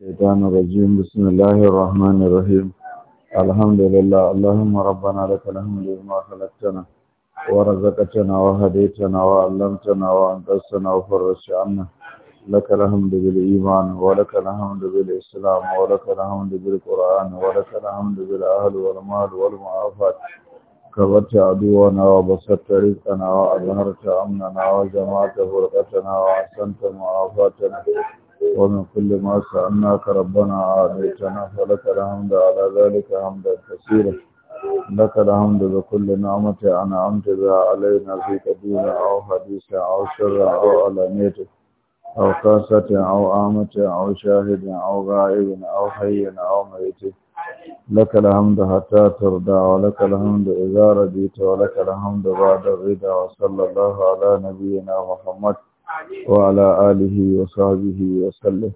الشيطان الرجيم بسم الله الرحمن الرحيم الحمد لله اللهم ربنا لك الحمد لما خلقتنا ورزقتنا وهديتنا وعلمتنا وأنقذتنا وفرجت عنا لك الحمد بالإيمان ولك الحمد بالإسلام ولك الحمد بالقرآن ولك الحمد بالأهل والمال والمعافات كبرت عدونا وبسطت رزقنا وأظهرت أمننا وجمعت فرقتنا وأحسنت معافاتنا ومن كل ما سألناك ربنا عاديتنا فلك الحمد على ذلك حمدا كثيرا لك الحمد بكل نعمة أنعمت بها علينا في قديم أو حديث أو شر أو علانية أو خاصة أو آمة أو شاهد أو غائب أو حي أو ميت لك الحمد حتى ترضى ولك الحمد إذا رضيت ولك الحمد بعد الرضا وصلى الله على نبينا محمد وعلى آله وصحبه وسلم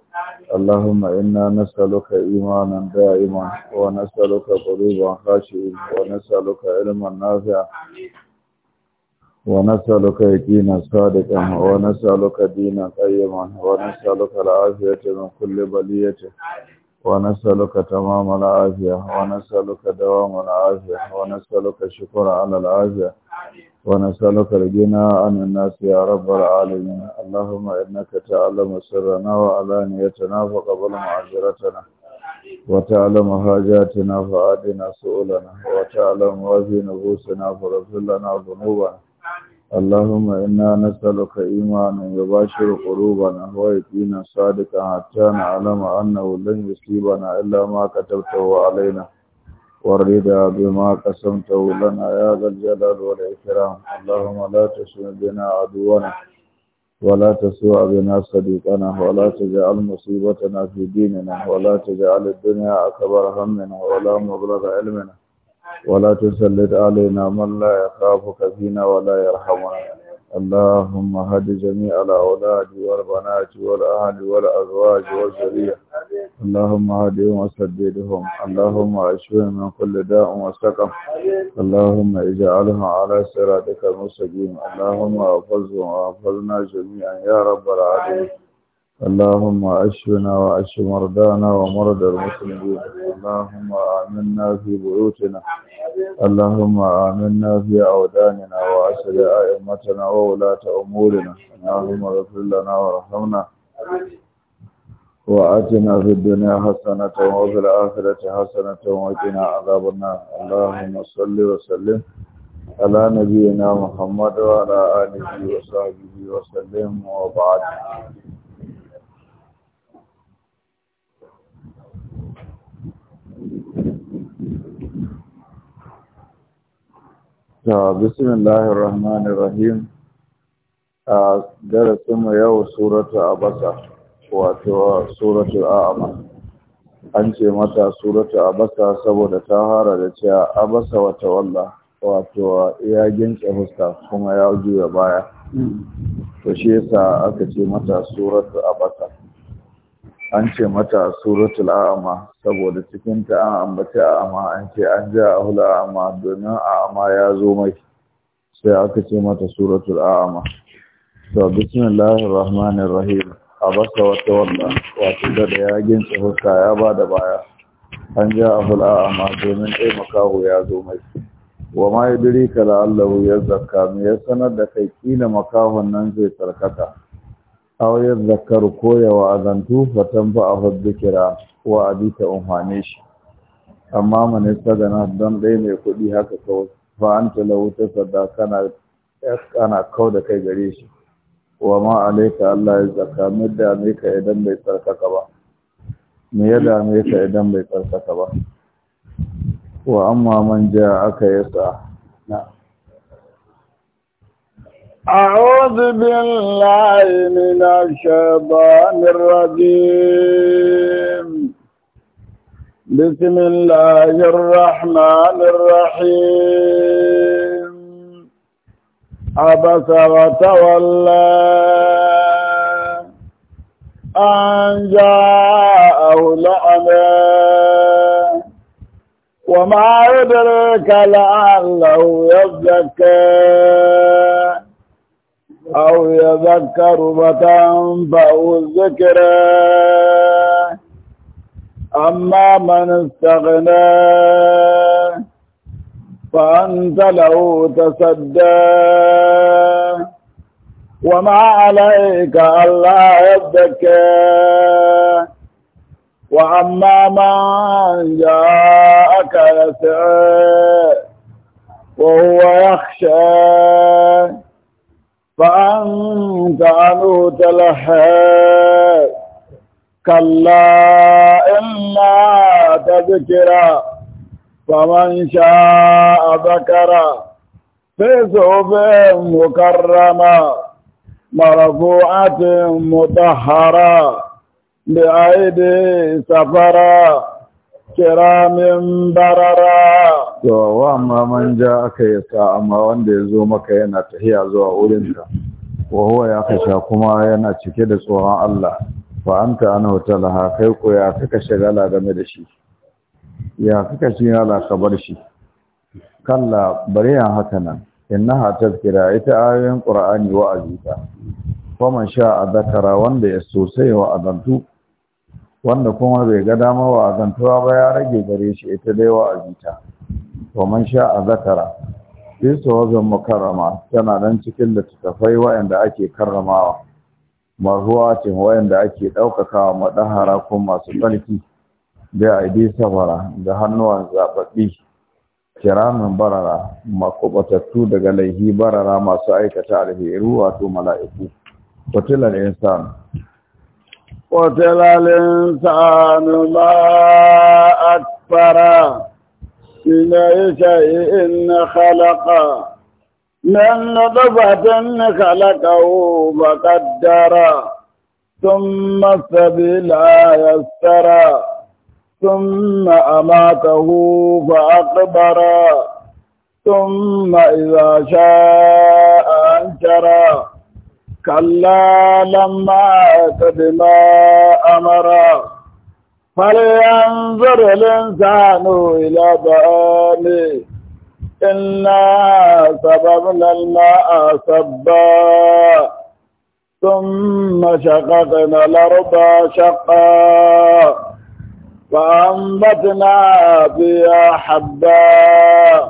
اللهم إنا نسألك إيمانا دائما ونسألك قلوبا خاشئا ونسألك علما نافعا ونسألك يقينا صادقا ونسألك دينا قيما ونسألك العافية من كل بلية ونسألك تمام العافية ونسألك دوام العافية ونسألك الشكر على العافية ونسألك الجنى عن الناس يا رب العالمين اللهم إنك تعلم سرنا وعلانيتنا فقبل معذرتنا وتعلم حاجاتنا فعادنا سؤلنا وتعلم وفي نفوسنا فاغفر لنا ذنوبنا اللهم إنا نسألك إيمانا يباشر قلوبنا ويقينا صادقا حتى نعلم أنه لن يصيبنا إلا ما كتبته علينا والرضا بما قسمته لنا يا ذا الجلال والإكرام اللهم لا تسمع بنا عدونا ولا تسوء بنا صديقنا ولا تجعل مصيبتنا في ديننا ولا تجعل الدنيا أكبر همنا ولا مبلغ علمنا ولا تسلط علينا من لا يخافك فينا ولا يرحمنا اللهم هد جميع الأولاد والبنات والأهل والأزواج والذرية اللهم هدهم وسددهم اللهم اشفهم من كل داء وسقم اللهم اجعلهم على صراطك المستقيم اللهم احفظهم واحفظنا جميعا يا رب العالمين اللهم أشفنا وأشف مرضانا ومرضى المسلمين اللهم آمنا في بيوتنا اللهم آمنا في أوداننا وأسر أئمتنا وولاة أمورنا اللهم اغفر لنا وارحمنا وآتنا في الدنيا حسنة وفي الآخرة حسنة وقنا عذاب النار اللهم صل وسلم على نبينا محمد وعلى آله وصحبه وسلم وبعد بسم الله الرحمن الرحيم darasinmu yau suratu basa, wato suratu amma. an ce mata suratu abasa saboda ta hara da cewa abasa wata walla wato ya gince fuska kuma ya juya baya mm. to shi yasa aka ce mata suratu abasa an ce mata suratul a'ama saboda cikin ta an ambaci a'ama an ce an ja ahul a'ama domin a'ama ya zo mai sai aka ce mata suratul a'ama to bismillahir rahmanir rahim abasa wa tawalla wato da ya ya ba da baya an ja ahul a'ama domin dai makaho ya zo mai wa ma yadrika la'allahu yazakka me ya sanar da kai kina makahon nan zai sarkaka. aw yadhakkaru ko ya wa'azantu fa tanfa'ahu dhikra wa abita umhane shi amma man na dan dai mai kuɗi haka kawai fa anta lahu tasadda kana kana kau da kai gare shi wa ma alaika Allah ya zakka mudda da mai ka idan bai tsarkaka ba me ya dame ka idan bai tsarkaka ba wa amma man ja aka yasa na'am أعوذ بالله من الشيطان الرجيم بسم الله الرحمن الرحيم عبس وتولى أن جاءه لعنى وما يدرك لعله يزكى أو يذكر فتنفعه الذكرى أما من استغنى فأنت له تسدى وما عليك ألا يزكى وأما من جاءك يسعى وهو يخشى فأنت عنه تلهى كلا إلا تذكرا فمن شاء ذكرا في صحف مكرما مرفوعة مطهرا بأيدي سفرا kiramin barara to amma man ja aka yasa amma wanda ya zo maka yana tahiya zuwa wurinka wa huwa ya kasha kuma yana cike da tsoron Allah fa anta ana hotalaha kai ko ya kaka shagala game da shi ya kaka shagala ka bar shi kalla bari yan haka nan Inna hatar kira ita ayoyin wa'azi wa azita sha a zakara wanda ya sosai sai wa wanda kuma bai ga dama wa azantuwa ba ya rage gare shi ita dai wa azita wa sha a zakara fi wajen mukarrama tana nan cikin littattafai wa'anda ake karramawa ce wa'anda ake ɗaukakawa madahara ko masu ƙarfi. da aidi Sabara da hannuwan zaɓaɓɓi kiramin barara makubatattu daga laihi barara masu aikata alheru wato mala'iku fatilar insan قتل الإنسان ما أكبر من شيء خلق من نطفة خلقه فقدر ثم السبيل يسر ثم أماته فأقبر ثم إذا شاء أنشره كلا لما قد ما أمر فلينظر الإنسان إلى طعامه إنا سببنا الماء سبا ثم شققنا الأرض شقا فأنبتنا فيها حبا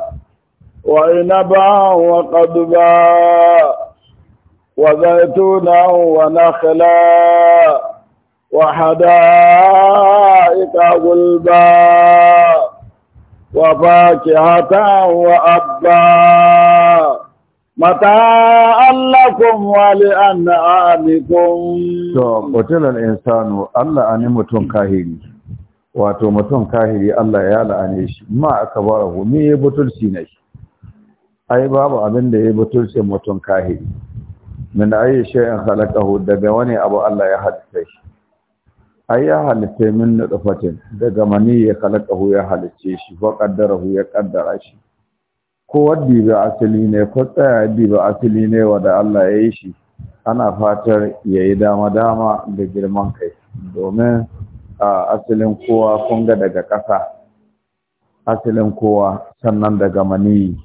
وعنبا وقدبا وزيتونا ونخلا وحدائق غلبا وفاكهة وأبا متاعا لكم ولأنعامكم to kotilar insanu Allah ne mutum kahiri wato mutum kahiri Allah ya la'ane shi ma aka barahu me ya butulci ne ai babu abin da ya butulce mutum kahiri min ayi shay'in khalaqahu daga wani abu Allah ya halitta shi ai ya halitta min nutfatin daga mani ya khalaqahu ya halicce shi fa qaddarahu ya qaddara shi ko wadi ba asali ne ko tsaya bi ba asali ne wanda Allah ya yi shi ana fatar yayi yi dama dama da girman kai domin a asalin kowa kunga daga ƙasa asalin kowa sannan daga maniyi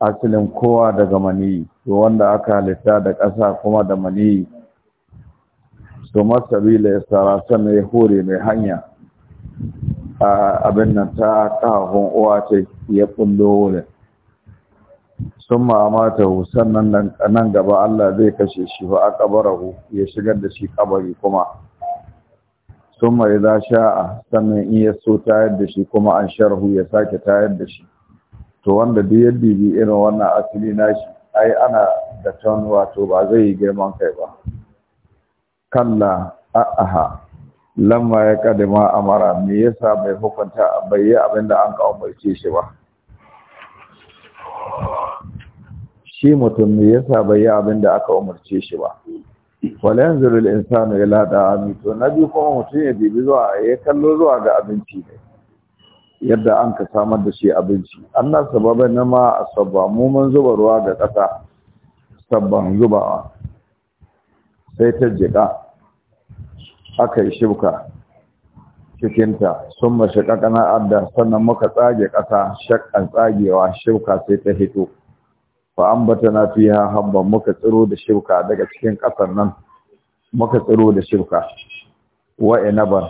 asalin kowa daga maniyi to wanda aka halitta da ƙasa kuma da maniyi su masabila ya tsara sannan ya hore mai hanya a abin nan ta ƙahahun uwa ce ya ƙullo wurin sun ma'amata sannan nan gaba Allah zai kashe shi ba a ƙabarahu ya shigar da shi ƙabari kuma sun mai za sha'a sannan in ya so tayar da shi kuma an sharhu ya sake tayar da shi to wanda duk bibi irin wannan asali nashi ai ana da ton wato ba zai yi girman kai ba kalla a'aha lamma ya kadima amara me yasa bai hukunta bai abin da an ka shi ba shi mutum me yasa bai yi abin da aka umarce shi ba wala yanzuru al-insanu ila da'ami to nabi kuma mutum ya bibi zuwa ya kallo zuwa ga abinci ne yadda an ka samar da shi abinci na sababai na ma sabba mu mun zuba ruwa ga ƙasa sabban zubawa sai ta jiƙa aka yi shibka cikinta sun mashi ƙaƙana adda sannan muka tsage ƙasa shakkan tsagewa shibka sai ta hito fa bata na ha habban muka tsiro da shibka daga cikin ƙasar nan muka tsiro da shibka wa ba.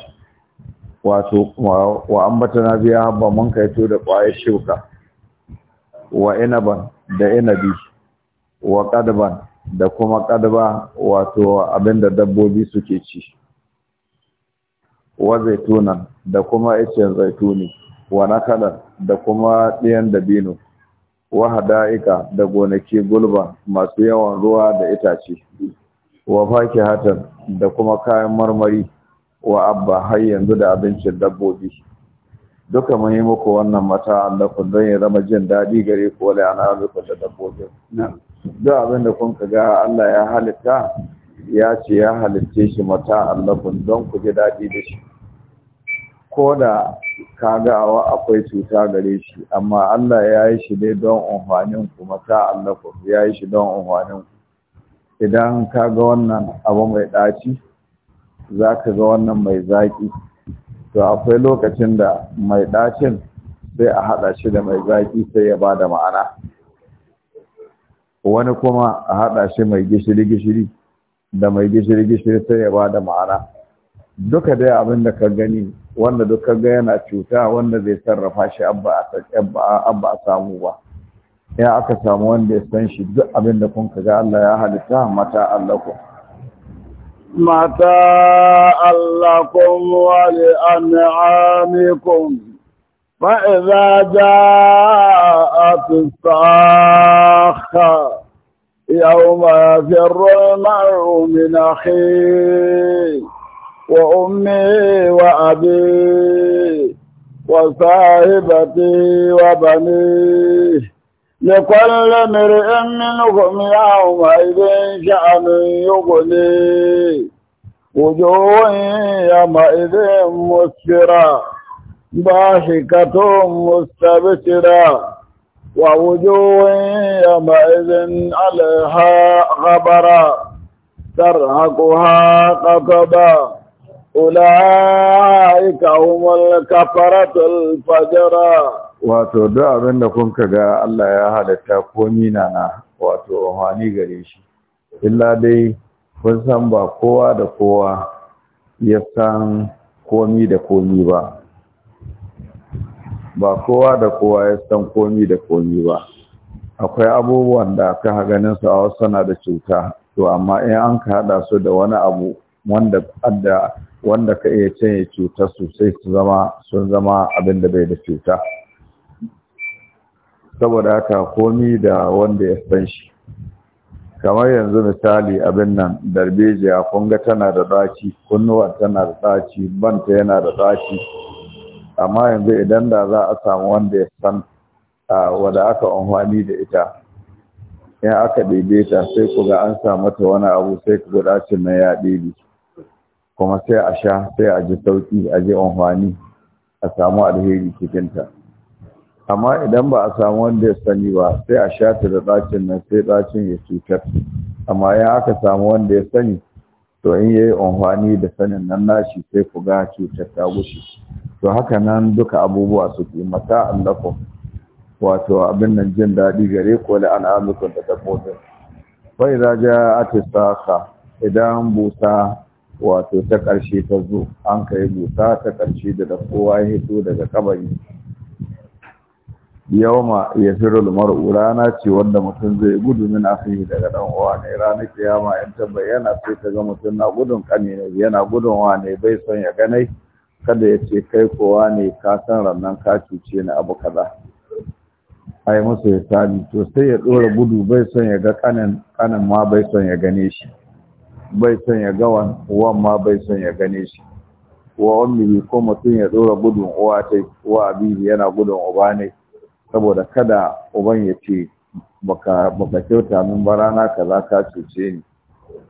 wato wa ambatana biya habba mun kaito da kwaye shuka wa inaban da inabi wa qadban da kuma qadba wato abinda dabbobi suke ci wa zaitunan da kuma icen zaituni wa nakalan da kuma ɗiyan dabino wa hada'ika da gonaki gulba masu yawan ruwa da itace wa fakihatan da kuma kayan marmari wa abba har yanzu da abincin dabbobi duka mun yi muku wannan mata ku don ya zama jin daɗi gare ku wala ana muku da dabbobi duk abin da kun ga Allah ya halitta ya ce ya halitta shi mata ku don ku ji daɗi da shi ko da ga akwai cuta gare shi amma Allah ya yi shi dai don amfanin ku mata ku ya yi shi don amfanin ku idan ga wannan abu mai ɗaci za ka ga wannan mai zaƙi to akwai lokacin da mai ɗacin sai a haɗa shi da mai zaƙi sai ya ba da ma'ana wani kuma a haɗa shi mai gishiri-gishiri da mai gishiri-gishiri sai ya ba da ma'ana duka dai abin da ka gani wanda duka ga yana cuta wanda zai sarrafa shi abba a samu ba ya aka samu wanda ya san shi duk abin da kun ka ga Allah ya halitta mata Allah kuma متاء لكم ولأنعامكم فإذا جاءت الصاخة يوم يفر المرء من أخيه وأمي وأبيه وصاحبتي وبنيه لكل امرئ منكم يومئذ شأن يغني وجوه يومئذ مسفرة ضاحكة مستبشرة ووجوه يومئذ عليها غبرة ترهقها قطبا أولئك هم الكفرة الفجرة wato duk abin da kun ga Allah ya halatta komi na na wato wani gare shi illa dai kun san ba kowa da kowa ya san komi da komi ba ba kowa da kowa ya san komi da komi ba akwai abubuwan da aka ganin su a wasu na da cuta to amma in an ka hada su da wani abu wanda wanda ka iya canye cuta sosai su zama sun zama abin da bai da cuta saboda haka komi da wanda ya san shi kamar yanzu misali abin nan darbejiya kunga tana da tsaki, kunnuwa tana da tsaki, banta yana da tsaki. amma yanzu idan da za a samu wanda ya san wadda aka amfani da ita in aka daidaita, sai ku ga an samu ta wani abu sai ku ga ɗacin nan ya ɗebe kuma sai a sha sai a ji sauki a ji amfani a samu alheri cikinta amma idan ba a samu wanda ya sani ba sai a shata da ɗakin nan sai ɗakin ya cutar amma ya aka samu wanda ya sani to in yayi amfani da sanin nan nashi sai ku ga cutar ta gushe to haka nan duka abubuwa su ke mata allakum wato abin nan jin daɗi gare ko da al'amukun da dabbobin bai za ja a saka idan busa wato ta ƙarshe ta zo an kai busa ta ƙarshe da kowa ya hito daga kabari yawma ya firu mar'u rana ce wanda mutum zai gudu min akhihi daga dan uwa ne ranar kiyama in ta bayyana sai ta ga mutum na gudun kane ne yana gudun wa ne bai son ya ganai kada ya ce kai kowa ne ka san rannan ka cuce ni abu kaza ai musu sani to sai ya dora gudu bai son ya ga kanin kanin ma bai son ya gane shi bai son ya ga wan uwan ma bai son ya gane shi wa ummi ko mutum ya dora gudun uwa ta uwa bibi yana gudun uba ne saboda kada uban ya ce baka kyauta min ba rana kaza ka cuce ni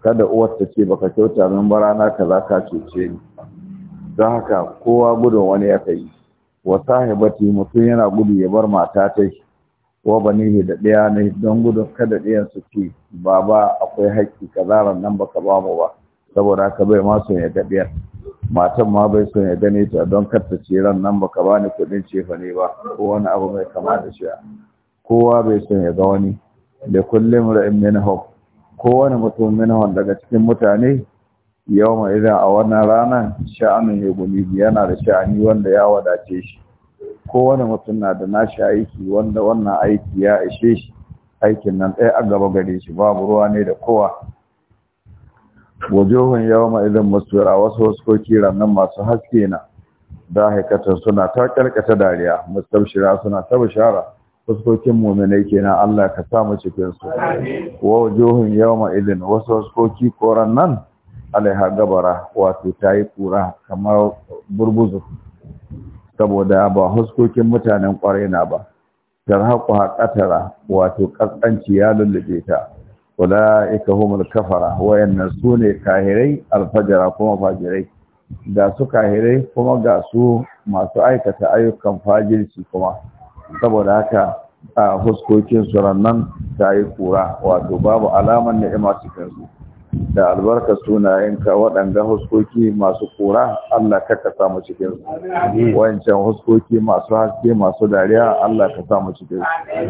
kada uwar ta ce baka kyauta min ba rana kaza ka cuce ni don haka kowa gudun wani ya kai wa sahibati mutum yana gudu ya bar mata ta shi wa ni da ɗaya ne don gudun kada ɗayan su ce baba akwai haƙƙi kazaran nan baka ba mu ba saboda haka bai masu ya ga ɗiyar matan ma bai son ya gane ta don karta ce ran nan baka bani kuɗin cefa ne ba ko wani abu mai kama da shi kowa bai son ya ga wani da kullum ra'in ko kowane mutum minhum daga cikin mutane yau ma idan a wannan ranar sha'anin ya guni yana da sha'ani wanda ya wadace shi kowane mutum na da nashi aiki wanda wannan aiki ya ishe shi aikin nan ɗaya a gaba gare shi babu ruwa ne da kowa wajohun yawma idan a wasu waskoki rannan masu haske na da haikatar suna ta karkata dariya mustabshira suna ta bishara fuskokin mu'minai kenan Allah ka sa mu cikin su wajohun yawma idan wasu waskoki koran nan alaiha gabara wato ta yi kura kamar burbuzu saboda ba huskokin mutanen kwarai na ba tarhaqu katara wato kaskanci ya lullube ta ulaika humul kafara wayannan su ne kahirai alfajara kuma fajirai ga su kahirai kuma ga su masu aikata ayyukan fajirci kuma saboda haka a huskokin su rannan ta yi kura wato babu alaman ni'ima cikin su da albarka sunayenka waɗanda huskoki masu kura Allah ka ka samu cikin su wayancan huskoki masu haske masu dariya Allah ka samu cikin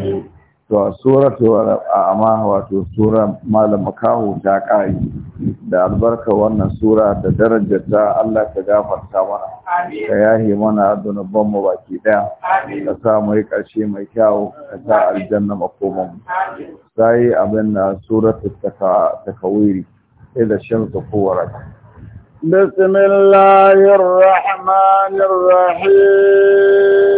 su to suratu amma wato sura malam makahu ta kai da albarka wannan sura da darajar ta Allah ta gafarta mana ka yahi mana dunuban mu baki daya ka sa mai yi karshe mai kyau ka sa aljanna makoman mu sai abin na ta takawiri ila shamsu kuwarat بسم الله الرحمن الرحيم